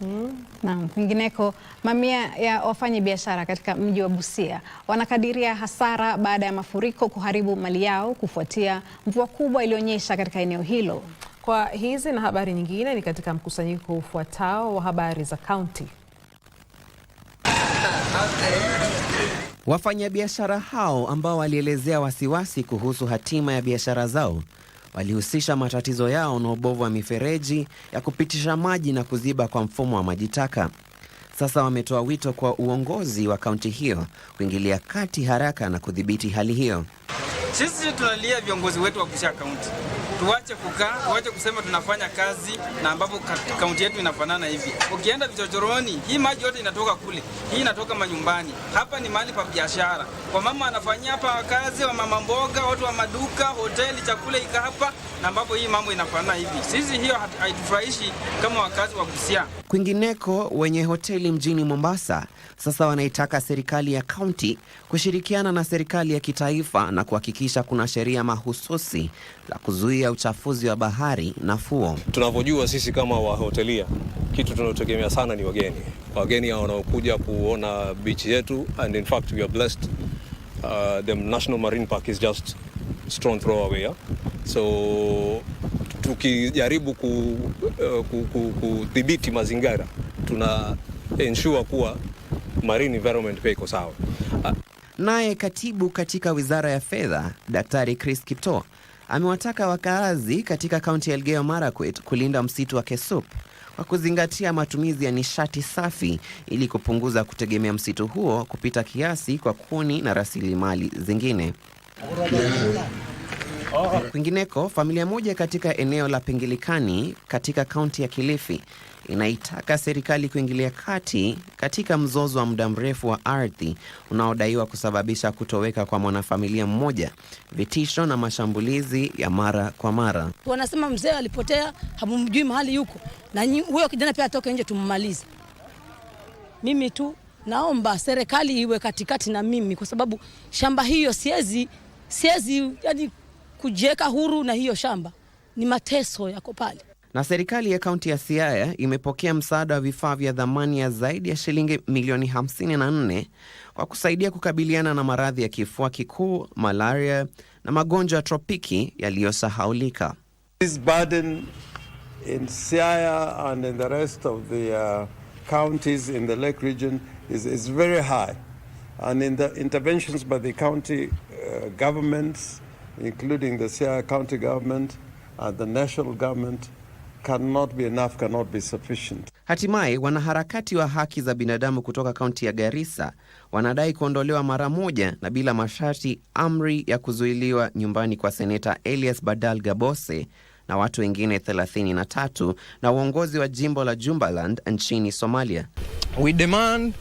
Mm. Naam, kwingineko mamia ya wafanya biashara katika mji wa Busia wanakadiria hasara baada ya mafuriko kuharibu mali yao kufuatia mvua kubwa iliyonyesha katika eneo hilo. Kwa hizi na habari nyingine ni katika mkusanyiko ufuatao wa habari za kaunti. Wafanyabiashara hao ambao walielezea wasiwasi kuhusu hatima ya biashara zao walihusisha matatizo yao na ubovu wa mifereji ya kupitisha maji na kuziba kwa mfumo wa maji taka. Sasa wametoa wito kwa uongozi wa kaunti hiyo kuingilia kati haraka na kudhibiti hali hiyo. Sisi tunalia viongozi wetu wakushia kaunti, tuwache kukaa, tuwache kusema tunafanya kazi na ambapo kaunti yetu inafanana hivi. Ukienda vichochoroni, hii maji yote inatoka kule, hii inatoka manyumbani. Hapa ni mahali pa biashara, kwa mama anafanyia hapa kazi, wa mama mboga, watu wa maduka, hoteli, chakula ika hapa, na ambapo hii mambo inafanana hivi. Sisi hiyo haitufurahishi kama wakazi wa Busia. Kwingineko, wenye hoteli mjini Mombasa sasa wanaitaka serikali ya kaunti kushirikiana na serikali ya kitaifa na kuhakikisha kuna sheria mahususi la kuzuia uchafuzi wa bahari na fuo. Tunavyojua sisi kama wahotelia, kitu tunachotegemea sana ni wageni, wageni wanaokuja kuona beach yetu, and in fact we are blessed. Uh, the National Marine Park is just strong throw away. So tukijaribu kudhibiti eh, ku, ku, ku, mazingira tuna ensure kuwa marine environment pia iko sawa. Naye katibu katika wizara ya fedha Daktari Chris Kipto amewataka wakaazi katika kaunti ya Elgeyo Marakwet kulinda msitu wa Kesup kwa kuzingatia matumizi ya nishati safi ili kupunguza kutegemea msitu huo kupita kiasi kwa kuni na rasilimali zingine. Oh. Kwingineko, familia moja katika eneo la Pengilikani katika kaunti ya Kilifi inaitaka serikali kuingilia kati katika mzozo wa muda mrefu wa ardhi unaodaiwa kusababisha kutoweka kwa mwanafamilia mmoja, vitisho na mashambulizi ya mara kwa mara. Wanasema mzee alipotea, hamumjui mahali yuko, na huyo kijana pia atoke nje tummalize. Mimi tu naomba serikali iwe katikati na mimi, kwa sababu shamba hiyo siwezi siwezi yani kujieka huru na hiyo shamba ni mateso yako pale. Na serikali ya kaunti ya Siaya imepokea msaada wa vifaa vya dhamani ya zaidi ya shilingi milioni 54 kwa kusaidia kukabiliana na maradhi ya kifua kikuu, malaria na magonjwa ya tropiki yaliyosahaulika. This burden in in in Siaya and the the the rest of uh, counties Lake region Is, is very high. And in the interventions by the county, uh, governments, including the Sierra County government and the national government cannot be enough, cannot be sufficient. Hatimaye wanaharakati wa haki za binadamu kutoka kaunti ya Garissa wanadai kuondolewa mara moja na bila masharti amri ya kuzuiliwa nyumbani kwa seneta Elias Badal Gabose na watu wengine 33 na uongozi wa jimbo la Jumbaland nchini Somalia. We demand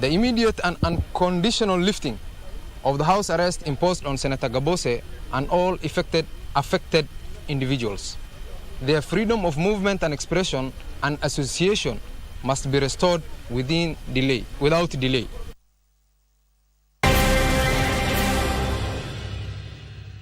the immediate and unconditional lifting of the house arrest imposed on Senator Gabose and all affected, affected individuals. Their freedom of movement and expression and association must be restored within delay, without delay.